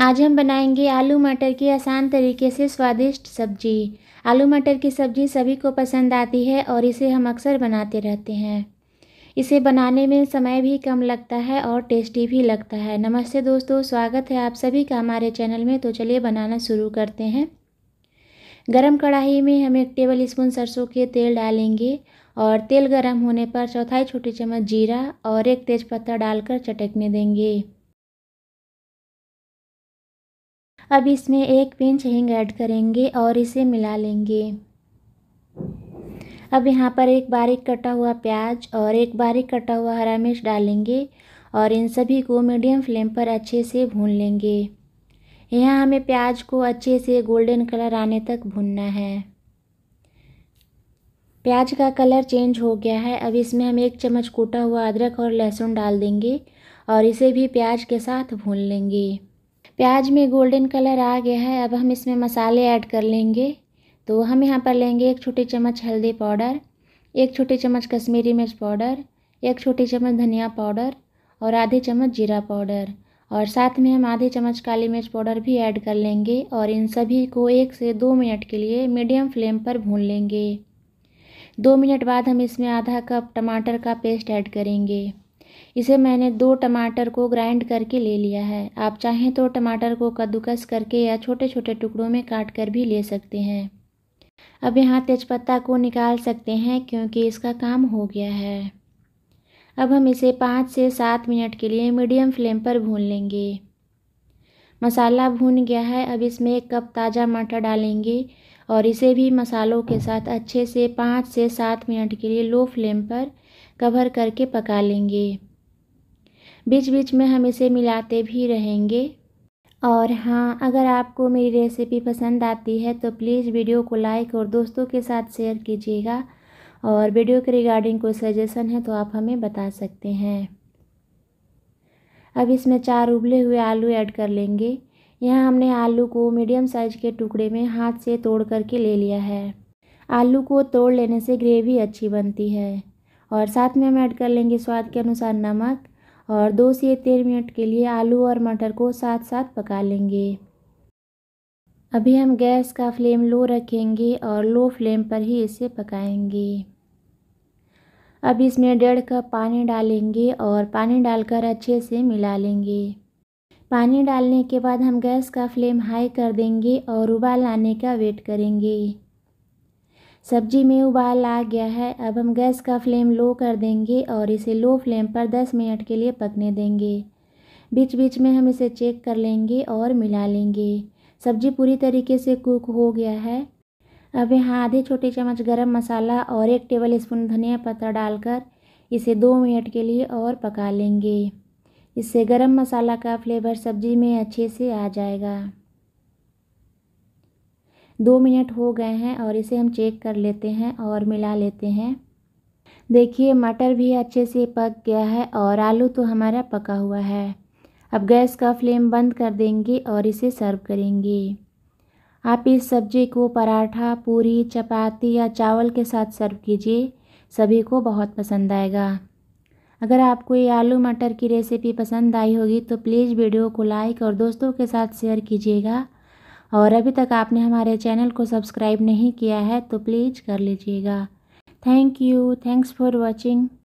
आज हम बनाएंगे आलू मटर की आसान तरीके से स्वादिष्ट सब्जी आलू मटर की सब्जी सभी को पसंद आती है और इसे हम अक्सर बनाते रहते हैं इसे बनाने में समय भी कम लगता है और टेस्टी भी लगता है नमस्ते दोस्तों स्वागत है आप सभी का हमारे चैनल में तो चलिए बनाना शुरू करते हैं गरम कढ़ाई में हम एक टेबल स्पून सरसों के तेल डालेंगे और तेल गरम होने पर चौथाई छोटी चम्मच जीरा और एक तेज़पत्ता डालकर चटकने देंगे अब इसमें एक पिंच हिंग ऐड करेंगे और इसे मिला लेंगे अब यहाँ पर एक बारीक कटा हुआ प्याज और एक बारीक कटा हुआ हरा मिर्च डालेंगे और इन सभी को मीडियम फ्लेम पर अच्छे से भून लेंगे यहाँ हमें प्याज को अच्छे से गोल्डन कलर आने तक भूनना है प्याज का कलर चेंज हो गया है अब इसमें हम एक चम्मच कूटा हुआ अदरक और लहसुन डाल देंगे और इसे भी प्याज के साथ भून लेंगे प्याज में गोल्डन कलर आ गया है अब हम इसमें मसाले ऐड कर लेंगे तो हम यहाँ पर लेंगे एक छोटी चम्मच हल्दी पाउडर एक छोटी चम्मच कश्मीरी मिर्च पाउडर एक छोटी चम्मच धनिया पाउडर और आधे चम्मच जीरा पाउडर और साथ में हम आधे चम्मच काली मिर्च पाउडर भी ऐड कर लेंगे और इन सभी को एक से दो मिनट के लिए मीडियम फ्लेम पर भून लेंगे दो मिनट बाद हम इसमें आधा कप टमाटर का पेस्ट ऐड करेंगे इसे मैंने दो टमाटर को ग्राइंड करके ले लिया है आप चाहें तो टमाटर को कद्दूकस करके या छोटे छोटे टुकड़ों में काट कर भी ले सकते हैं अब यहाँ तेज़पत्ता को निकाल सकते हैं क्योंकि इसका काम हो गया है अब हम इसे पाँच से सात मिनट के लिए मीडियम फ्लेम पर भून लेंगे मसाला भून गया है अब इसमें एक कप ताज़ा मटर डालेंगे और इसे भी मसालों के साथ अच्छे से पाँच से सात मिनट के लिए लो फ्लेम पर कवर करके पका लेंगे बीच बीच में हम इसे मिलाते भी रहेंगे और हाँ अगर आपको मेरी रेसिपी पसंद आती है तो प्लीज़ वीडियो को लाइक और दोस्तों के साथ शेयर कीजिएगा और वीडियो के रिगार्डिंग कोई सजेशन है तो आप हमें बता सकते हैं अब इसमें चार उबले हुए आलू ऐड कर लेंगे यहाँ हमने आलू को मीडियम साइज के टुकड़े में हाथ से तोड़ करके ले लिया है आलू को तोड़ लेने से ग्रेवी अच्छी बनती है और साथ में हम ऐड कर लेंगे स्वाद के अनुसार नमक और दो से तीन मिनट के लिए आलू और मटर को साथ साथ पका लेंगे अभी हम गैस का फ्लेम लो रखेंगे और लो फ्लेम पर ही इसे पकाएंगे अब इसमें डेढ़ कप पानी डालेंगे और पानी डालकर अच्छे से मिला लेंगे पानी डालने के बाद हम गैस का फ्लेम हाई कर देंगे और उबाल आने का वेट करेंगे सब्जी में उबाल आ गया है अब हम गैस का फ्लेम लो कर देंगे और इसे लो फ्लेम पर 10 मिनट के लिए पकने देंगे बीच बीच में हम इसे चेक कर लेंगे और मिला लेंगे सब्जी पूरी तरीके से कुक हो गया है अब यहाँ आधे छोटे चम्मच गरम मसाला और एक टेबल स्पून धनिया पत्ता डालकर इसे दो मिनट के लिए और पका लेंगे इससे गरम मसाला का फ्लेवर सब्जी में अच्छे से आ जाएगा दो मिनट हो गए हैं और इसे हम चेक कर लेते हैं और मिला लेते हैं देखिए मटर भी अच्छे से पक गया है और आलू तो हमारा पका हुआ है अब गैस का फ्लेम बंद कर देंगे और इसे सर्व करेंगे आप इस सब्जी को पराठा पूरी चपाती या चावल के साथ सर्व कीजिए सभी को बहुत पसंद आएगा अगर आपको ये आलू मटर की रेसिपी पसंद आई होगी तो प्लीज़ वीडियो को लाइक और दोस्तों के साथ शेयर कीजिएगा और अभी तक आपने हमारे चैनल को सब्सक्राइब नहीं किया है तो प्लीज़ कर लीजिएगा thank you thanks for watching